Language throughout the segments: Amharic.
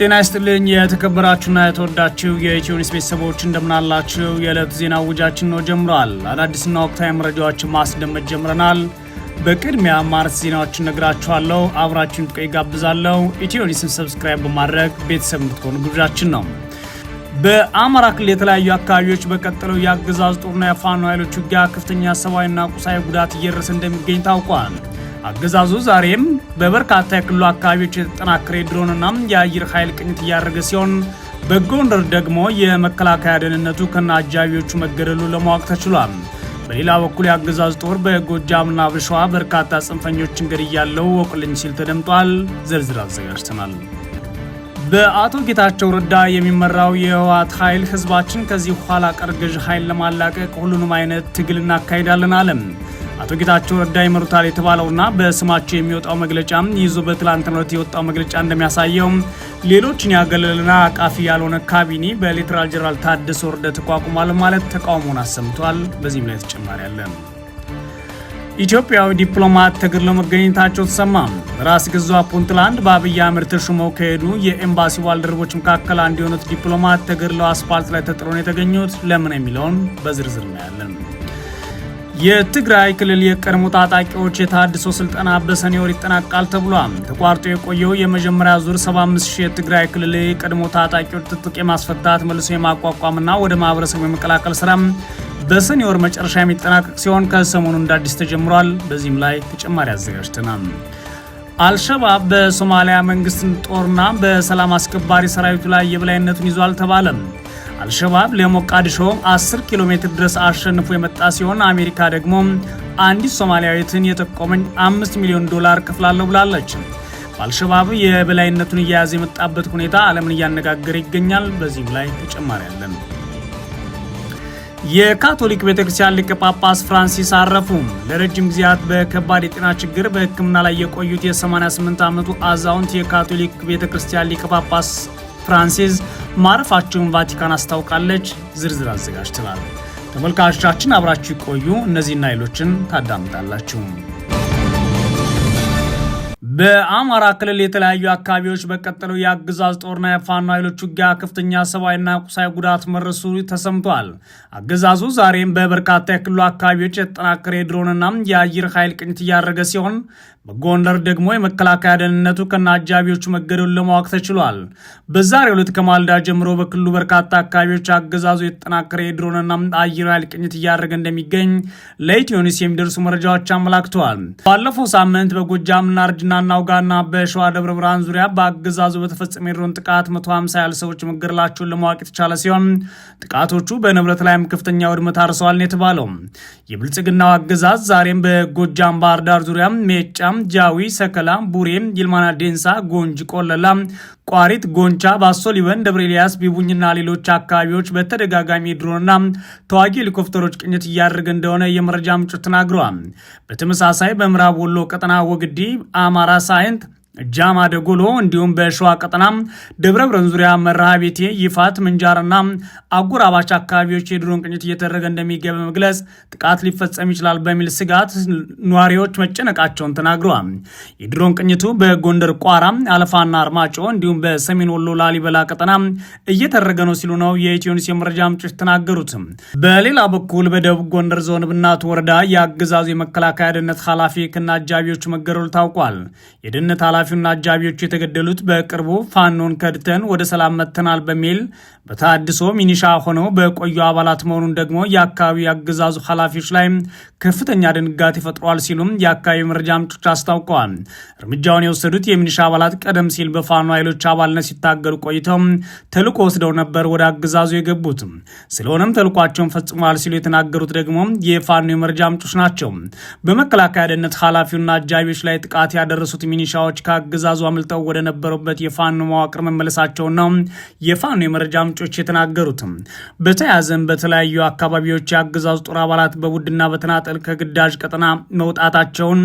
ጤና ይስጥልኝ የተከበራችሁና የተወዳችው የኢትዮኒስ ቤተሰቦች እንደምናላችሁ። የዕለቱ ዜና ውጃችን ነው ጀምሯል። አዳዲስና ወቅታዊ መረጃዎችን ማስደመጥ ጀምረናል። በቅድሚያ ማርስ ዜናዎችን ነግራችኋለሁ። አብራችሁን ቆዩ ጋብዛለሁ። ኢትዮኒስን ሰብስክራይብ በማድረግ ቤተሰብ እንድትሆኑ ግብዣችን ነው። በአማራ ክልል የተለያዩ አካባቢዎች በቀጠለው የአገዛዝ ጦርና የፋኖ ኃይሎች ውጊያ ከፍተኛ ሰብአዊና ቁሳዊ ጉዳት እየደረሰ እንደሚገኝ ታውቋል። አገዛዙ ዛሬም በበርካታ የክልሉ አካባቢዎች የተጠናከረ የድሮንና የአየር ኃይል ቅኝት እያደረገ ሲሆን በጎንደር ደግሞ የመከላከያ ደህንነቱ ከና አጃቢዎቹ መገደሉ ለማወቅ ተችሏል። በሌላ በኩል የአገዛዙ ጦር በጎጃምና በሸዋ በርካታ ጽንፈኞች እንገድ እያለው ወቁልኝ ሲል ተደምጧል። ዝርዝር አዘጋጅተናል። በአቶ ጌታቸው ረዳ የሚመራው የህወሓት ኃይል ህዝባችን ከዚህ ኋላ ቀር ገዥ ኃይል ለማላቀቅ ሁሉንም አይነት ትግል እናካሄዳለን አለም። አቶ ጌታቸው ረዳ ይመሩታል የተባለውና በስማቸው የሚወጣው መግለጫ ይዞ በትላንትናው ዕለት የወጣው መግለጫ እንደሚያሳየው ሌሎችን ያገለልና አቃፊ ያልሆነ ካቢኔ በሌተናል ጄኔራል ታደሰ ወረደ ተቋቁሟል ማለት ተቃውሞን አሰምቷል። በዚህም ላይ ተጨማሪ አለን። ኢትዮጵያዊ ዲፕሎማት ተገድለው መገኘታቸው ተሰማ። ራስ ገዟ ፑንትላንድ በአብይ አህመድ ተሹመው ከሄዱ የኤምባሲ ባልደረቦች መካከል አንዱ የሆኑት ዲፕሎማት ተገድለው አስፋልት ላይ ተጥሎ ነው የተገኙት። ለምን የሚለውን በዝርዝር እናያለን። የትግራይ ክልል የቀድሞ ታጣቂዎች የታድሶ ስልጠና በሰኔ ወር ይጠናቃል ተብሏል። ተቋርጦ የቆየው የመጀመሪያ ዙር 75000 የትግራይ ክልል የቀድሞ ታጣቂዎች ትጥቅ የማስፈታት መልሶ የማቋቋምና ወደ ማህበረሰቡ የመቀላቀል ስራ በሰኔ ወር መጨረሻ የሚጠናቀቅ ሲሆን ከሰሞኑ እንዳዲስ ተጀምሯል። በዚህም ላይ ተጨማሪ አዘጋጅተናል። አልሸባብ በሶማሊያ መንግስት ጦርና በሰላም አስከባሪ ሰራዊቱ ላይ የበላይነቱን ይዟል ተባለም። አልሸባብ ለሞቃዲሾ 10 ኪሎ ሜትር ድረስ አሸንፎ የመጣ ሲሆን አሜሪካ ደግሞ አንዲት ሶማሊያዊትን የጠቆመኝ 5 ሚሊዮን ዶላር ክፍላለሁ ብላለች። በአልሸባብ የበላይነቱን እየያዘ የመጣበት ሁኔታ ዓለምን እያነጋገረ ይገኛል። በዚህም ላይ ተጨማሪ ያለን የካቶሊክ ቤተክርስቲያን ሊቀ ጳጳስ ፍራንሲስ አረፉ። ለረጅም ጊዜያት በከባድ የጤና ችግር በሕክምና ላይ የቆዩት የ88 ዓመቱ አዛውንት የካቶሊክ ቤተክርስቲያን ሊቀ ጳጳስ ፍራንሲስ ማረፋቸውን ቫቲካን አስታውቃለች። ዝርዝር አዘጋጅተናል። ተመልካቾቻችን አብራችሁ ይቆዩ። እነዚህና ሌሎችን ታዳምጣላችሁ። በአማራ ክልል የተለያዩ አካባቢዎች በቀጠለው የአገዛዝ ጦርና የፋኖ ኃይሎች ውጊያ ከፍተኛ ሰብአዊና ቁሳዊ ጉዳት መድረሱ ተሰምቷል። አገዛዙ ዛሬም በበርካታ የክልሉ አካባቢዎች የተጠናከረ የድሮንና የአየር ኃይል ቅኝት እያደረገ ሲሆን በጎንደር ደግሞ የመከላከያ ደህንነቱ ከነ አጃቢዎቹ መገደሉን ለማወቅ ተችሏል። በዛሬው ዕለት ከማልዳ ጀምሮ በክልሉ በርካታ አካባቢዎች አገዛዙ የተጠናከረ የድሮንና አየር ኃይል ቅኝት እያደረገ እንደሚገኝ ለኢትዮኒስ የሚደርሱ መረጃዎች አመላክተዋል። ባለፈው ሳምንት በጎጃምና እርጅና እናውጋና በሸዋ ደብረ ብርሃን ዙሪያ በአገዛዙ በተፈጸመ የድሮን ጥቃት 150 ያህል ሰዎች መገደላቸውን ለማወቅ የተቻለ ሲሆን ጥቃቶቹ በንብረት ላይም ከፍተኛ ውድመት አርሰዋል ነው የተባለው። የብልጽግናው አገዛዝ ዛሬም በጎጃም ባህር ዳር ዙሪያ ሜጫ ጃዊ፣ ሰከላ፣ ቡሬም፣ ይልማና ዴንሳ፣ ጎንጅ ቆለላ፣ ቋሪት፣ ጎንቻ፣ ባሶ ሊበን፣ ደብረ ኤልያስ፣ ቢቡኝና ሌሎች አካባቢዎች በተደጋጋሚ ድሮንና ተዋጊ ሄሊኮፕተሮች ቅኝት እያደረገ እንደሆነ የመረጃ ምንጮች ተናግረዋል። በተመሳሳይ በምዕራብ ወሎ ቀጠና ወግዲ፣ አማራ ሳይንት ጃማ ደጎሎ እንዲሁም በሸዋ ቀጠና ደብረ ብረን ዙሪያ፣ መርሃ ቤቴ፣ ይፋት፣ ምንጃርና አጎራባች አካባቢዎች የድሮን ቅኝት እየተደረገ እንደሚገ በመግለጽ ጥቃት ሊፈጸም ይችላል በሚል ስጋት ነዋሪዎች መጨነቃቸውን ተናግረዋል። የድሮን ቅኝቱ በጎንደር ቋራ፣ አለፋና አርማጮ እንዲሁም በሰሜን ወሎ ላሊበላ ቀጠና እየተደረገ ነው ሲሉ ነው የኢትዮኒስ የመረጃ ምንጮች ተናገሩት። በሌላ በኩል በደቡብ ጎንደር ዞን ብናት ወረዳ የአገዛዙ የመከላከያ ደህንነት ኃላፊ ክና አጃቢዎቹ መገደሉ ታውቋል። የደህንነት ኃላፊ ኃላፊውና አጃቢዎቹ የተገደሉት በቅርቡ ፋኖን ከድተን ወደ ሰላም መጥተናል በሚል በታድሶ ሚኒሻ ሆነው በቆዩ አባላት መሆኑን ደግሞ የአካባቢው አገዛዙ ኃላፊዎች ላይ ከፍተኛ ድንጋት ይፈጥሯል ሲሉም የአካባቢ መረጃ ምንጮች አስታውቀዋል። እርምጃውን የወሰዱት የሚኒሻ አባላት ቀደም ሲል በፋኖ ኃይሎች አባልነት ሲታገሉ ቆይተው ተልኮ ወስደው ነበር ወደ አገዛዙ የገቡት። ስለሆነም ተልኳቸውን ፈጽመዋል ሲሉ የተናገሩት ደግሞ የፋኖ የመረጃ ምንጮች ናቸው። በመከላከያ ደህንነት ኃላፊውና አጃቢዎች ላይ ጥቃት ያደረሱት ሚኒሻዎች ከአገዛዙ አምልጠው ወደ ነበሩበት የፋኖ መዋቅር መመለሳቸውን ነው የፋኖ የመረጃ ምንጮች የተናገሩት። በተያያዘም በተለያዩ አካባቢዎች የአገዛዙ ጦር አባላት በቡድና በተናጠ በመቀላቀል ከግዳጅ ቀጠና መውጣታቸውን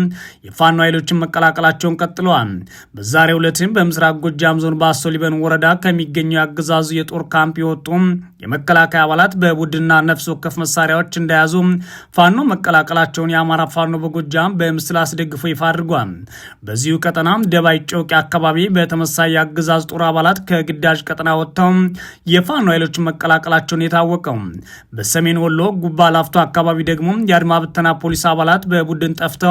የፋኖ ኃይሎችን መቀላቀላቸውን ቀጥለዋል። በዛሬው ዕለትም በምስራቅ ጎጃም ዞን ባሶ ሊበን ወረዳ ከሚገኘው የአገዛዙ የጦር ካምፕ የወጡ የመከላከያ አባላት በቡድንና ነፍስ ወከፍ መሳሪያዎች እንደያዙ ፋኖ መቀላቀላቸውን የአማራ ፋኖ በጎጃም በምስል አስደግፎ ይፋ አድርጓል። በዚሁ ቀጠና ደባይ ጮቄ አካባቢ በተመሳይ የአገዛዝ ጦር አባላት ከግዳጅ ቀጠና ወጥተው የፋኖ ኃይሎች መቀላቀላቸውን የታወቀው። በሰሜን ወሎ ጉባ ላፍቶ አካባቢ ደግሞ የአድማ ብተና ፖሊስ አባላት በቡድን ጠፍተው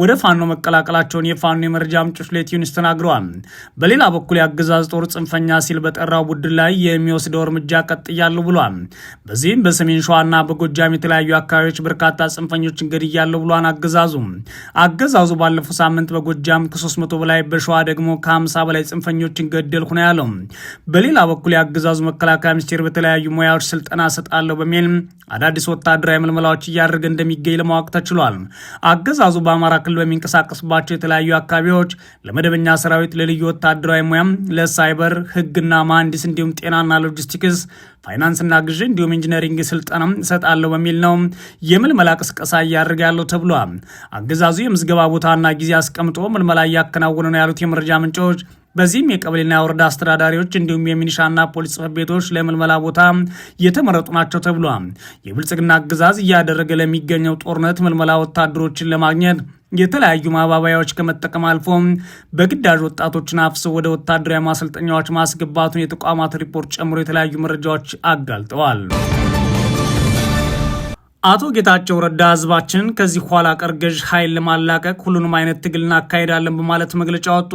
ወደ ፋኖ መቀላቀላቸውን የፋኖ የመረጃ ምንጮች ለኢትዮኒውስ ተናግረዋል። በሌላ በኩል የአገዛዝ ጦር ጽንፈኛ ሲል በጠራው ቡድን ላይ የሚወስደው እርምጃ ቀጥያ ገድያለሁ ብሏል። በዚህም በሰሜን ሸዋና በጎጃም የተለያዩ አካባቢዎች በርካታ ጽንፈኞችን ገድያለሁ ብሏን አገዛዙ። አገዛዙ ባለፈው ሳምንት በጎጃም ከ300 በላይ በሸዋ ደግሞ ከ50 በላይ ጽንፈኞችን ገደልኩ ነው ያለው። በሌላ በኩል የአገዛዙ መከላከያ ሚኒስቴር በተለያዩ ሙያዎች ስልጠና ሰጣለሁ በሚል አዳዲስ ወታደራዊ ምልመላዎች እያደረገ እንደሚገኝ ለማወቅ ተችሏል። አገዛዙ በአማራ ክልል በሚንቀሳቀስባቸው የተለያዩ አካባቢዎች ለመደበኛ ሰራዊት፣ ለልዩ ወታደራዊ ሙያም፣ ለሳይበር ህግና መሐንዲስ እንዲሁም ጤናና ሎጂስቲክስ ፋይናንስና ግዢ እንዲሁም ኢንጂነሪንግ ስልጠና እሰጣለሁ በሚል ነው የምልመላ ቅስቀሳ እያደረገ ያለው ተብሏል። አገዛዙ የምዝገባ ቦታና ጊዜ አስቀምጦ ምልመላ እያከናወነ ነው ያሉት የመረጃ ምንጮች በዚህም የቀበሌና የወረዳ አስተዳዳሪዎች እንዲሁም የሚኒሻና ፖሊስ ጽሕፈት ቤቶች ለምልመላ ቦታ የተመረጡ ናቸው ተብሏል። የብልጽግና አገዛዝ እያደረገ ለሚገኘው ጦርነት ምልመላ ወታደሮችን ለማግኘት የተለያዩ ማባባያዎች ከመጠቀም አልፎ በግዳጅ ወጣቶችን አፍሰው ወደ ወታደራዊ ማሰልጠኛዎች ማስገባቱን የተቋማት ሪፖርት ጨምሮ የተለያዩ መረጃዎች አጋልጠዋል። አቶ ጌታቸው ረዳ ህዝባችንን ከዚህ ኋላ ቀር ገዥ ኃይል ለማላቀቅ ሁሉንም አይነት ትግል እናካሄዳለን በማለት መግለጫ አወጡ።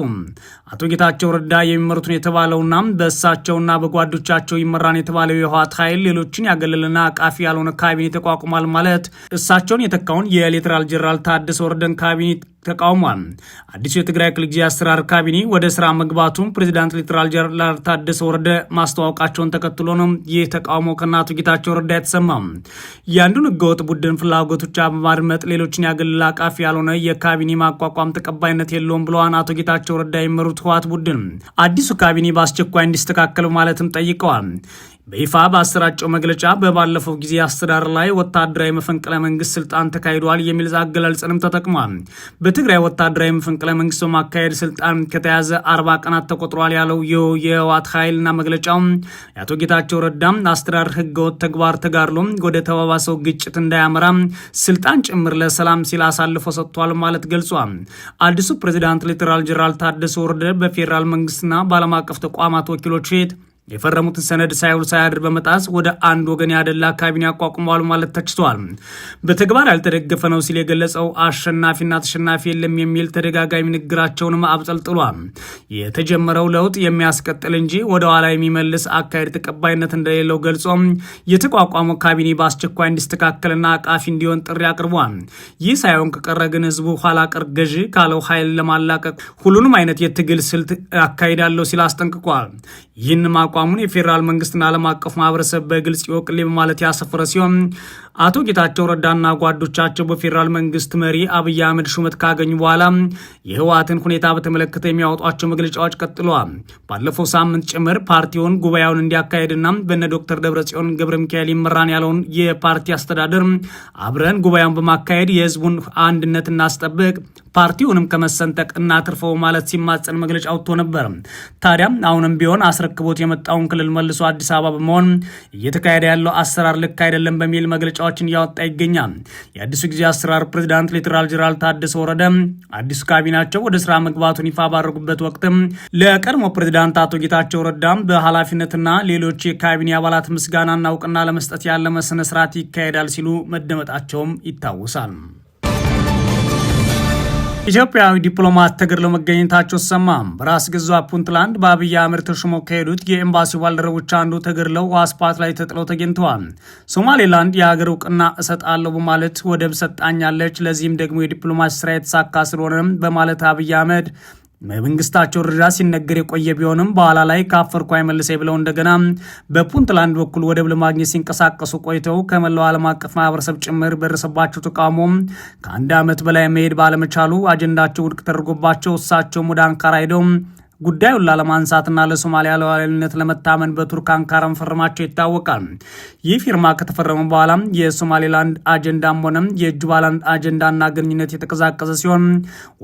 አቶ ጌታቸው ረዳ የሚመሩትን የተባለውና በእሳቸውና በጓዶቻቸው ይመራን የተባለው የህወሓት ኃይል ሌሎችን ያገለልና አቃፊ ያልሆነ ካቢኔ ተቋቁሟል ማለት እሳቸውን የተካውን የሌተናል ጄኔራል ታደሰ ወረደን ካቢኔት ተቃውሟል። አዲሱ የትግራይ ክልል ጊዜያዊ አስተዳደር ካቢኔ ወደ ስራ መግባቱን ፕሬዚዳንት ሌተናል ጀነራል ታደሰ ወረደ ማስተዋወቃቸውን ተከትሎ ነው ይህ ተቃውሞ ከእናቶ ጌታቸው ረዳ የተሰማም። የአንዱን ህገወጥ ቡድን ፍላጎቶች በማድመጥ ሌሎችን ያገለለ አቃፊ ያልሆነ የካቢኔ ማቋቋም ተቀባይነት የለውም ብለዋል። አቶ ጌታቸው ረዳ የመሩት ህወሓት ቡድን አዲሱ ካቢኔ በአስቸኳይ እንዲስተካከል ማለትም ጠይቀዋል። በይፋ በአሰራጨው መግለጫ በባለፈው ጊዜ አስተዳደር ላይ ወታደራዊ መፈንቅለ መንግስት ስልጣን ተካሂዷል የሚል አገላልጽንም ተጠቅሟል። በትግራይ ወታደራዊ መፈንቅለ መንግስት በማካሄድ ስልጣን ከተያዘ አርባ ቀናት ተቆጥሯል ያለው የህወሓት ኃይልና መግለጫው የአቶ ጌታቸው ረዳ አስተዳደር ህገወጥ ተግባር ተጋድሎ ወደ ተባባሰው ግጭት እንዳያመራ ስልጣን ጭምር ለሰላም ሲል አሳልፎ ሰጥቷል ማለት ገልጿል። አዲሱ ፕሬዚዳንት ሌተናል ጄኔራል ታደሰ ወረደ በፌዴራል መንግስትና በዓለም አቀፍ ተቋማት ወኪሎች የፈረሙትን ሰነድ ሳይውል ሳያድር በመጣስ ወደ አንድ ወገን ያደላ ካቢኔ አቋቁመዋል ማለት ተችቷል። በተግባር ያልተደገፈ ነው ሲል የገለጸው አሸናፊና ተሸናፊ የለም የሚል ተደጋጋሚ ንግግራቸውንም አብጠልጥሏል። የተጀመረው ለውጥ የሚያስቀጥል እንጂ ወደኋላ የሚመልስ አካሄድ ተቀባይነት እንደሌለው ገልጾ የተቋቋመው ካቢኔ በአስቸኳይ እንዲስተካከልና አቃፊ እንዲሆን ጥሪ አቅርቧል። ይህ ሳይሆን ከቀረ ግን ህዝቡ ኋላ ቀር ገዢ ካለው ኃይል ለማላቀቅ ሁሉንም አይነት የትግል ስልት አካሄዳለው ሲል አስጠንቅቋል። ይህን ማቋ አቋሙን የፌዴራል መንግስትና ዓለም አቀፍ ማህበረሰብ በግልጽ ይወቅልኝ በማለት ያሰፈረ ሲሆን አቶ ጌታቸው ረዳና ጓዶቻቸው በፌዴራል መንግስት መሪ አብይ አህመድ ሹመት ካገኙ በኋላ የህወሓትን ሁኔታ በተመለከተ የሚያወጧቸው መግለጫዎች ቀጥለዋል። ባለፈው ሳምንት ጭምር ፓርቲውን ጉባኤውን እንዲያካሄድና በነ ዶክተር ደብረጽዮን ገብረ ሚካኤል ይመራን ያለውን የፓርቲ አስተዳደር አብረን ጉባኤውን በማካሄድ የህዝቡን አንድነት እናስጠብቅ፣ ፓርቲውንም ከመሰንጠቅ እናትርፈው ማለት ሲማጸን መግለጫ አውጥቶ ነበር። ታዲያ አሁንም ቢሆን አስረክቦት የመጣ የወጣውን ክልል መልሶ አዲስ አበባ በመሆን እየተካሄደ ያለው አሰራር ልክ አይደለም በሚል መግለጫዎችን እያወጣ ይገኛል። የአዲሱ ጊዜ አሰራር ፕሬዚዳንት ሌተናል ጄኔራል ታደሰ ወረደ አዲሱ ካቢናቸው ወደ ስራ መግባቱን ይፋ ባደረጉበት ወቅትም ለቀድሞ ፕሬዚዳንት አቶ ጌታቸው ረዳም በኃላፊነትና ሌሎች የካቢኔ አባላት ምስጋናና እውቅና ለመስጠት ያለመ ስነ ይካሄዳል ሲሉ መደመጣቸውም ይታወሳል። ኢትዮጵያዊ ዲፕሎማት ተገድለው መገኘታቸው ሰማ። በራስ ገዟ ፑንትላንድ በአብይ አህመድ ተሾመው ከሄዱት የኤምባሲ ባልደረቦች አንዱ ተገድለው አስፓልት ላይ ተጥለው ተገኝተዋል። ሶማሌላንድ የሀገር እውቅና እሰጣለሁ በማለት ወደብ ሰጣኛለች፣ ለዚህም ደግሞ የዲፕሎማሲ ስራ የተሳካ ስለሆነ በማለት አብይ አህመድ የመንግስታቸው ርዳ ሲነገር የቆየ ቢሆንም በኋላ ላይ ከአፈርኩ አይመልሰኝ ብለው እንደገና በፑንትላንድ በኩል ወደብ ለማግኘት ሲንቀሳቀሱ ቆይተው ከመላው ዓለም አቀፍ ማህበረሰብ ጭምር በደረሰባቸው ተቃውሞ ከአንድ ዓመት በላይ መሄድ ባለመቻሉ አጀንዳቸው ውድቅ ተደርጎባቸው እሳቸውም ወደ አንካራ ሄደው ጉዳዩን ላለማንሳትና ለሶማሊያ ሉዓላዊነት ለመታመን በቱርክ አንካራ ፈርማቸው ይታወቃል። ይህ ፊርማ ከተፈረመ በኋላ የሶማሌላንድ አጀንዳም ሆነ የጁባላንድ አጀንዳና ግንኙነት የተቀዛቀዘ ሲሆን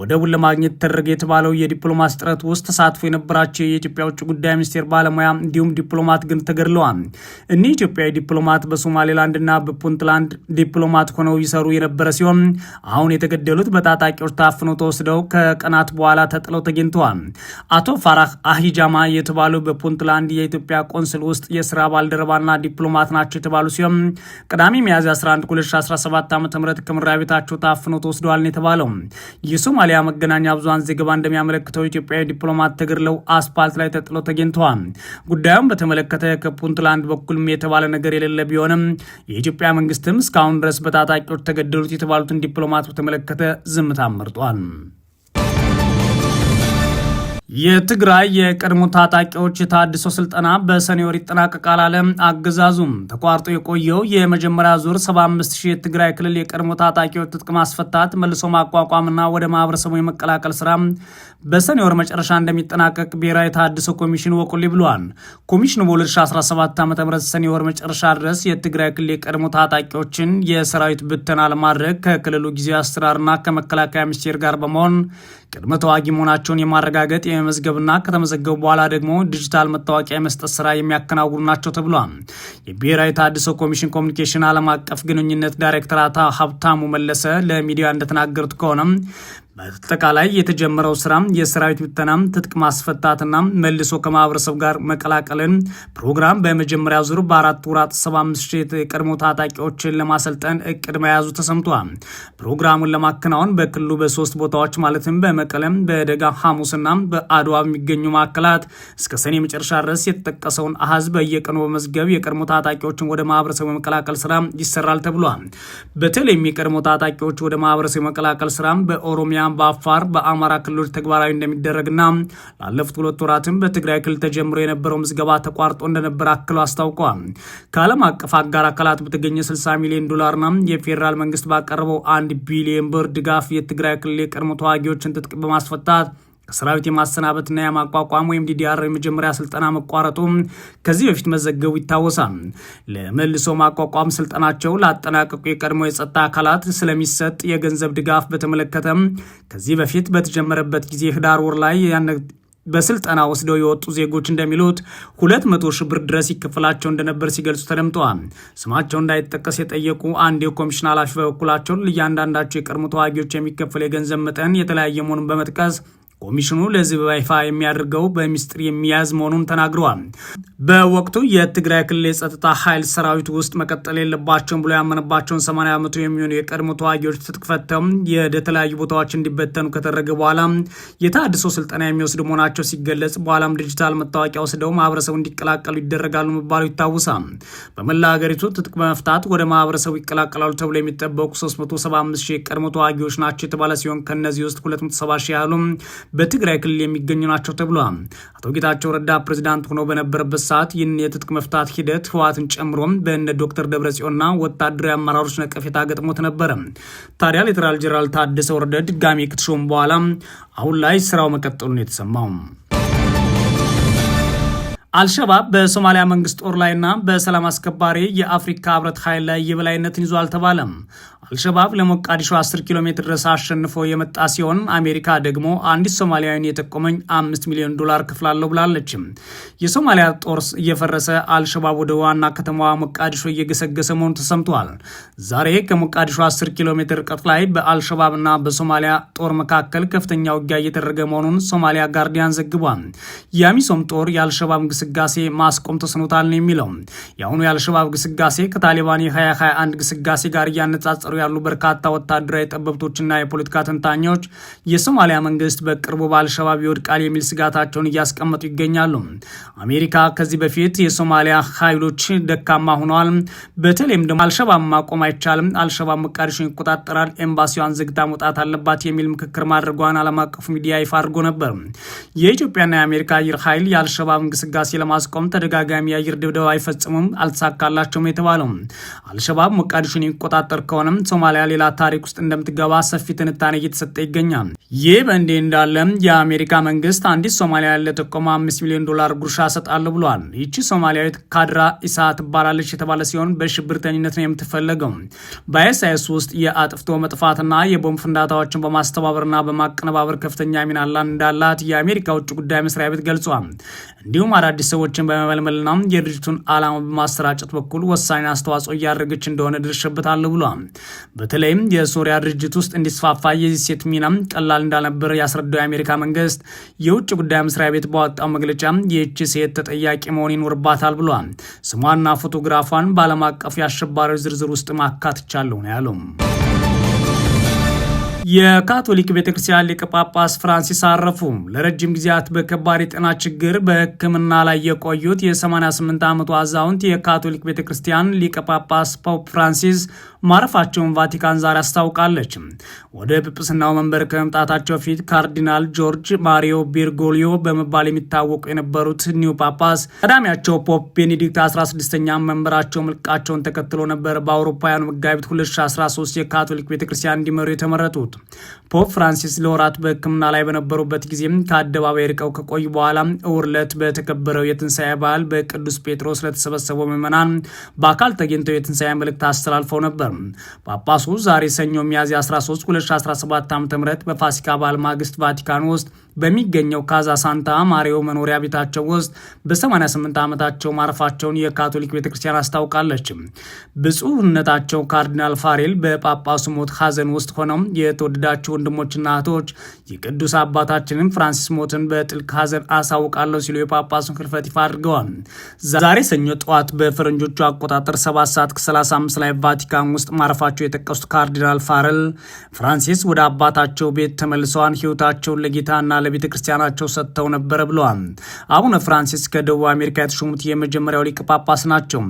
ወደቡን ለማግኘት ተደረገ የተባለው የዲፕሎማሲ ጥረት ውስጥ ተሳትፎ የነበራቸው የኢትዮጵያ ውጭ ጉዳይ ሚኒስቴር ባለሙያ እንዲሁም ዲፕሎማት ግን ተገድለዋል። እኒህ ኢትዮጵያዊ ዲፕሎማት በሶማሌላንድና በፑንትላንድ ዲፕሎማት ሆነው ይሰሩ የነበረ ሲሆን አሁን የተገደሉት በታጣቂዎች ታፍነው ተወስደው ከቀናት በኋላ ተጥለው ተገኝተዋል። አቶ ፋራህ አሂጃማ የተባሉ በፑንትላንድ የኢትዮጵያ ቆንስል ውስጥ የስራ ባልደረባና ዲፕሎማት ናቸው የተባሉ ሲሆን ቅዳሜ ሚያዝያ 11 2017 ዓ ም ከመኖሪያ ቤታቸው ታፍነው ተወስደዋል ነው የተባለው። የሶማሊያ መገናኛ ብዙሃን ዘገባ እንደሚያመለክተው ኢትዮጵያዊ ዲፕሎማት ተገድለው አስፓልት ላይ ተጥለው ተገኝተዋል። ጉዳዩን በተመለከተ ከፑንትላንድ በኩልም የተባለ ነገር የሌለ ቢሆንም የኢትዮጵያ መንግስትም እስካሁን ድረስ በታጣቂዎች ተገደሉት የተባሉትን ዲፕሎማት በተመለከተ ዝምታ መርጧል። የትግራይ የቀድሞ ታጣቂዎች የታድሶ ስልጠና በሰኔ ወር ይጠናቀቃል አለ አገዛዙም። ተቋርጦ የቆየው የመጀመሪያ ዙር 75000 የትግራይ ክልል የቀድሞ ታጣቂዎች ትጥቅ ማስፈታት፣ መልሶ ማቋቋምና ወደ ማህበረሰቡ የመቀላቀል ስራ በሰኔ ወር መጨረሻ እንደሚጠናቀቅ ብሔራዊ ታድሶ ኮሚሽን ወቁል ብሏል። ኮሚሽኑ በ2017 ዓ ም ሰኔ ወር መጨረሻ ድረስ የትግራይ ክልል የቀድሞ ታጣቂዎችን የሰራዊት ብተና ለማድረግ ከክልሉ ጊዜያዊ አስተዳደርና ከመከላከያ ሚኒስቴር ጋር በመሆን ቅድመ ተዋጊ መሆናቸውን የማረጋገጥ የመመዝገብና ከተመዘገቡ በኋላ ደግሞ ዲጂታል መታወቂያ የመስጠት ስራ የሚያከናውኑ ናቸው ተብሏል። የብሔራዊ ተሃድሶ ኮሚሽን ኮሚኒኬሽን ዓለም አቀፍ ግንኙነት ዳይሬክተር አቶ ሀብታሙ መለሰ ለሚዲያ እንደተናገሩት ከሆነም በአጠቃላይ የተጀመረው ስራ የሰራዊት ብተና፣ ትጥቅ ማስፈታትና መልሶ ከማህበረሰብ ጋር መቀላቀልን ፕሮግራም በመጀመሪያ ዙር በአራት ወራት 75000 የቀድሞ ታጣቂዎችን ለማሰልጠን እቅድ መያዙ ተሰምቷል። ፕሮግራሙን ለማከናወን በክልሉ በሶስት ቦታዎች ማለትም በመቀለም፣ በደጋ ሐሙስና በአድዋ የሚገኙ ማዕከላት እስከ ሰኔ መጨረሻ ድረስ የተጠቀሰውን አሃዝ በየቀኑ በመዝገብ የቀድሞ ታጣቂዎችን ወደ ማህበረሰብ የመቀላቀል ስራ ይሰራል ተብሏል። በተለይም የቀድሞ ታጣቂዎች ወደ ማህበረሰብ የመቀላቀል ስራ በኦሮሚያ በኦሮሚያም በአፋር በአማራ ክልሎች ተግባራዊ እንደሚደረግና ላለፉት ሁለት ወራትም በትግራይ ክልል ተጀምሮ የነበረው ምዝገባ ተቋርጦ እንደነበር አክሎ አስታውቋል ከዓለም አቀፍ አጋር አካላት በተገኘ 60 ሚሊዮን ዶላርና የፌዴራል መንግስት ባቀረበው አንድ ቢሊዮን ብር ድጋፍ የትግራይ ክልል የቀድሞ ተዋጊዎችን ትጥቅ በማስፈታት ከሰራዊት የማሰናበትና የማቋቋም ወይም ዲዲአር የመጀመሪያ ስልጠና መቋረጡ ከዚህ በፊት መዘገቡ ይታወሳል። ለመልሶ ማቋቋም ስልጠናቸው ላጠናቀቁ የቀድሞ የጸጥታ አካላት ስለሚሰጥ የገንዘብ ድጋፍ በተመለከተ ከዚህ በፊት በተጀመረበት ጊዜ ህዳር ወር ላይ በስልጠና ወስደው የወጡ ዜጎች እንደሚሉት ሁለት መቶ ሺህ ብር ድረስ ይከፍላቸው እንደነበር ሲገልጹ ተደምጠዋል። ስማቸው እንዳይጠቀስ የጠየቁ አንድ የኮሚሽን ኃላፊ በበኩላቸው ለእያንዳንዳቸው የቀድሞ ተዋጊዎች የሚከፈል የገንዘብ መጠን የተለያየ መሆኑን በመጥቀስ ኮሚሽኑ ለህዝብ ይፋ የሚያደርገው በሚስጥር የሚያዝ መሆኑን ተናግረዋል። በወቅቱ የትግራይ ክልል የጸጥታ ኃይል ሰራዊት ውስጥ መቀጠል የለባቸውም ብሎ ያመነባቸውን 80 ዓመቱ የሚሆኑ የቀድሞ ተዋጊዎች ተፈተው ወደ ተለያዩ ቦታዎች እንዲበተኑ ከተደረገ በኋላ የታድሶ ስልጠና የሚወስዱ መሆናቸው ሲገለጽ፣ በኋላም ዲጂታል መታወቂያ ወስደው ማህበረሰቡ እንዲቀላቀሉ ይደረጋሉ መባሉ ይታወሳል። በመላ ሀገሪቱ ትጥቅ በመፍታት ወደ ማህበረሰቡ ይቀላቀላሉ ተብሎ የሚጠበቁ 375 የቀድሞ ተዋጊዎች ናቸው የተባለ ሲሆን ከእነዚህ ውስጥ 270 ያህሉ በትግራይ ክልል የሚገኙ ናቸው ተብሏል። አቶ ጌታቸው ረዳ ፕሬዚዳንት ሆኖ በነበረበት ሰዓት ይህን የትጥቅ መፍታት ሂደት ህወሓትን ጨምሮ በእነ ዶክተር ደብረጽዮንና ወታደራዊ አመራሮች ነቀፌታ ገጥሞት ነበረ። ታዲያ ሌተናል ጄኔራል ታደሰ ወረደ ድጋሚ ከተሾሙ በኋላ አሁን ላይ ስራው መቀጠሉን የተሰማው አልሸባብ በሶማሊያ መንግስት ጦር ላይና በሰላም አስከባሪ የአፍሪካ ህብረት ኃይል ላይ የበላይነትን ይዞ አልተባለም። አልሸባብ ለሞቃዲሾ 10 ኪሎ ሜትር ድረስ አሸንፎ የመጣ ሲሆን አሜሪካ ደግሞ አንዲት ሶማሊያዊን የጠቆመኝ አምስት ሚሊዮን ዶላር ክፍላለሁ ብላለችም። የሶማሊያ ጦር እየፈረሰ አልሸባብ ወደ ዋና ከተማዋ ሞቃዲሾ እየገሰገሰ መሆኑ ተሰምቷል። ዛሬ ከሞቃዲሾ 10 ኪሎ ሜትር ርቀት ላይ በአልሸባብና በሶማሊያ ጦር መካከል ከፍተኛ ውጊያ እየተደረገ መሆኑን ሶማሊያ ጋርዲያን ዘግቧል። የአሚሶም ጦር የአልሸባብ ግስጋሴ ማስቆም ተስኖታል ነው የሚለው። የአሁኑ የአልሸባብ ግስጋሴ ከታሊባን የ2021 ግስጋሴ ጋር እያነጻጸሩ ያሉ በርካታ ወታደራዊ ጠበብቶችና የፖለቲካ ተንታኞች የሶማሊያ መንግስት በቅርቡ በአልሸባብ ይወድቃል የሚል ስጋታቸውን እያስቀመጡ ይገኛሉ። አሜሪካ ከዚህ በፊት የሶማሊያ ኃይሎች ደካማ ሆነዋል፣ በተለይም ደግሞ አልሸባብ ማቆም አይቻልም፣ አልሸባብ ሞቃዲሾን ይቆጣጠራል፣ ኤምባሲዋን ዝግታ መውጣት አለባት የሚል ምክክር ማድረጓን ዓለም አቀፉ ሚዲያ ይፋ አድርጎ ነበር። የኢትዮጵያና የአሜሪካ አየር ኃይል የአልሸባብ እንቅስቃሴ ለማስቆም ተደጋጋሚ የአየር ድብደባ አይፈጽሙም፣ አልተሳካላቸውም የተባለው አልሸባብ ሞቃዲሾን የሚቆጣጠር ከሆነም ሶማሊያ ሌላ ታሪክ ውስጥ እንደምትገባ ሰፊ ትንታኔ እየተሰጠ ይገኛል። ይህ በእንዲህ እንዳለ የአሜሪካ መንግስት አንዲት ሶማሊያ ለጠቆመ አምስት ሚሊዮን ዶላር ጉርሻ ሰጣለ ብሏል። ይቺ ሶማሊያዊት ካድራ ኢሳ ትባላለች የተባለ ሲሆን በሽብርተኝነት ነው የምትፈለገው። በአይኤስአይኤስ ውስጥ የአጥፍቶ መጥፋትና የቦምብ ፍንዳታዎችን በማስተባበርና በማቀነባበር ከፍተኛ ሚና እንዳላት የአሜሪካ ውጭ ጉዳይ መስሪያ ቤት ገልጿል። እንዲሁም አዳዲስ ሰዎችን በመመልመልና የድርጅቱን ዓላማ በማሰራጨት በኩል ወሳኝ አስተዋጽኦ እያደረገች እንደሆነ ድርሽበታል ብሏል። በተለይም የሶሪያ ድርጅት ውስጥ እንዲስፋፋ የዚህ ሴት ሚና ቀላል እንዳልነበር ያስረዳው የአሜሪካ መንግስት የውጭ ጉዳይ መስሪያ ቤት ባወጣው መግለጫ ይህቺ ሴት ተጠያቂ መሆን ይኖርባታል ብሏል። ስሟና ፎቶግራፏን በዓለም አቀፍ የአሸባሪዎች ዝርዝር ውስጥ ማካትቻለሁ ነው ያለው። የካቶሊክ ቤተክርስቲያን ሊቀ ጳጳስ ፍራንሲስ አረፉ። ለረጅም ጊዜያት በከባድ የጤና ችግር በሕክምና ላይ የቆዩት የ88 ዓመቱ አዛውንት የካቶሊክ ቤተክርስቲያን ሊቀ ጳጳስ ፖፕ ፍራንሲስ ማረፋቸውን ቫቲካን ዛሬ አስታውቃለች። ወደ ጵጵስናው መንበር ከመምጣታቸው ፊት ካርዲናል ጆርጅ ማሪዮ ቢርጎሊዮ በመባል የሚታወቁ የነበሩት ኒው ጳጳስ ቀዳሚያቸው ፖፕ ቤኔዲክት 16ኛ መንበራቸው ምልቃቸውን ተከትሎ ነበር በአውሮፓውያኑ መጋቢት 2013 የካቶሊክ ቤተክርስቲያን እንዲመሩ የተመረጡት። ፖፕ ፍራንሲስ ለወራት በሕክምና ላይ በነበሩበት ጊዜም ከአደባባይ ርቀው ከቆዩ በኋላ እውርለት ዕለት በተከበረው የትንሣኤ በዓል በቅዱስ ጴጥሮስ ለተሰበሰቡ ምዕመናን በአካል ተገኝተው የትንሣኤ መልእክት አስተላልፈው ነበር። ጳጳሱ ዛሬ ሰኞ ሚያዝያ 13 2017 ዓ ም በፋሲካ በዓል ማግስት ቫቲካን ውስጥ በሚገኘው ካዛ ሳንታ ማሪዮ መኖሪያ ቤታቸው ውስጥ በ88 ዓመታቸው ማረፋቸውን የካቶሊክ ቤተክርስቲያን አስታውቃለች። ብፁዕነታቸው ካርዲናል ፋሬል በጳጳሱ ሞት ሐዘን ውስጥ ሆነው የተወደዳቸው ወንድሞችና እህቶች የቅዱስ አባታችንን ፍራንሲስ ሞትን በጥልቅ ሐዘን አሳውቃለሁ ሲሉ የጳጳሱን ክልፈት ይፋ አድርገዋል። ዛሬ ሰኞ ጠዋት በፈረንጆቹ አቆጣጠር 7 ሰዓት ከ35 ላይ ቫቲካን ውስጥ ማረፋቸው የጠቀሱት ካርዲናል ፋሬል ፍራንሲስ ወደ አባታቸው ቤት ተመልሰዋን ለጌታ ለጌታና ለቤተ ክርስቲያናቸው ሰጥተው ነበረ ብለዋል። አቡነ ፍራንሲስ ከደቡብ አሜሪካ የተሾሙት የመጀመሪያው ሊቀ ጳጳስ ናቸው።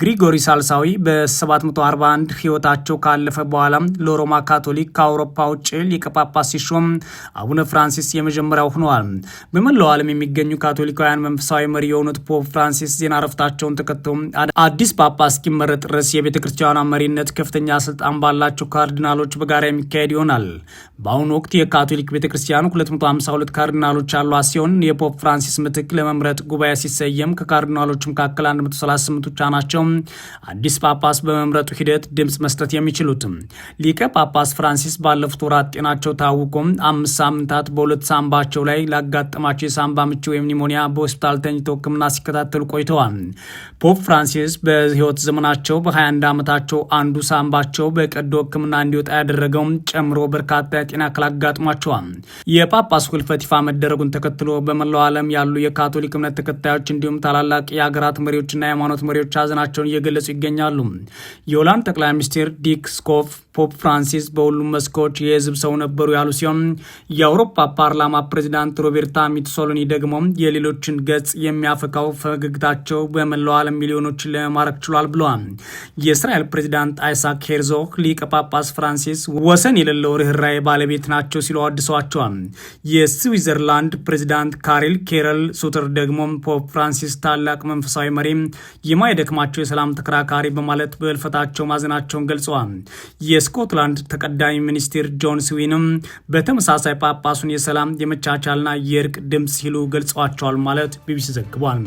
ግሪጎሪ ሳልሳዊ በ741 ህይወታቸው ካለፈ በኋላ ለሮማ ካቶሊክ ከአውሮፓ ውጭ ሊቀ ጳጳስ ሲሾም አቡነ ፍራንሲስ የመጀመሪያው ሆነዋል። በመላው ዓለም የሚገኙ ካቶሊካውያን መንፈሳዊ መሪ የሆኑት ፖፕ ፍራንሲስ ዜና ረፍታቸውን ተከትሎ አዲስ ጳጳስ እስኪመረጥ ድረስ የቤተ ክርስቲያኗ መሪነት ከፍተኛ ስልጣን ባላቸው ካርዲናሎች በጋራ የሚካሄድ ይሆናል። በአሁኑ ወቅት የካቶሊክ ቤተ ክርስቲያኑ 252 ሁለት ካርዲናሎች ያሏት ሲሆን የፖፕ ፍራንሲስ ምትክ ለመምረጥ ጉባኤ ሲሰየም ከካርዲናሎቹ መካከል 138 ብቻ ናቸው አዲስ ጳጳስ በመምረጡ ሂደት ድምፅ መስጠት የሚችሉትም። ሊቀ ጳጳስ ፍራንሲስ ባለፉት ወራት ጤናቸው ታውቆም አምስት ሳምንታት በሁለት ሳምባቸው ላይ ላጋጠማቸው የሳምባ ምች ወይም ኒሞኒያ በሆስፒታል ተኝቶ ሕክምና ሲከታተሉ ቆይተዋል። ፖፕ ፍራንሲስ በህይወት ዘመናቸው በ21 ዓመታቸው አንዱ ሳምባቸው በቀዶ ሕክምና እንዲወጣ ያደረገው ጨምሮ በርካታ የጤና እክል አጋጥሟቸዋል። የጳጳስ ሽንፈት ይፋ መደረጉን ተከትሎ በመላው ዓለም ያሉ የካቶሊክ እምነት ተከታዮች እንዲሁም ታላላቅ የሀገራት መሪዎችና የሃይማኖት መሪዎች ሀዘናቸውን እየገለጹ ይገኛሉ። የሆላንድ ጠቅላይ ሚኒስትር ዲክ ስኮፍ ፖፕ ፍራንሲስ በሁሉም መስኮች የህዝብ ሰው ነበሩ ያሉ ሲሆን የአውሮፓ ፓርላማ ፕሬዚዳንት ሮቤርታ ሚትሶሎኒ ደግሞ የሌሎችን ገጽ የሚያፈካው ፈገግታቸው በመላው ዓለም ሚሊዮኖችን ለማረክ ችሏል ብለዋል። የእስራኤል ፕሬዚዳንት አይሳክ ሄርዞግ ሊቀ ጳጳስ ፍራንሲስ ወሰን የሌለው ርኅራኄ ባለቤት ናቸው ሲሉ አወድሰዋቸዋል። የስዊዘርላንድ ፕሬዚዳንት ካሪል ኬረል ሱትር ደግሞ ፖፕ ፍራንሲስ ታላቅ መንፈሳዊ መሪ፣ የማይደክማቸው የሰላም ተከራካሪ በማለት በህልፈታቸው ማዘናቸውን ገልጸዋል። የስኮትላንድ ተቀዳሚ ሚኒስትር ጆን ስዊንም በተመሳሳይ ጳጳሱን የሰላም የመቻቻልና የእርቅ ድምፅ ሲሉ ገልጸዋቸዋል ማለት ቢቢሲ ዘግቧል።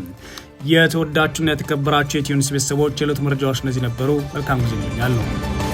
የተወዳችሁና የተከበራችሁ የኢትዮ ኒውስ ቤተሰቦች የዕለቱ መረጃዎች እነዚህ ነበሩ። መልካም ጊዜ ነው።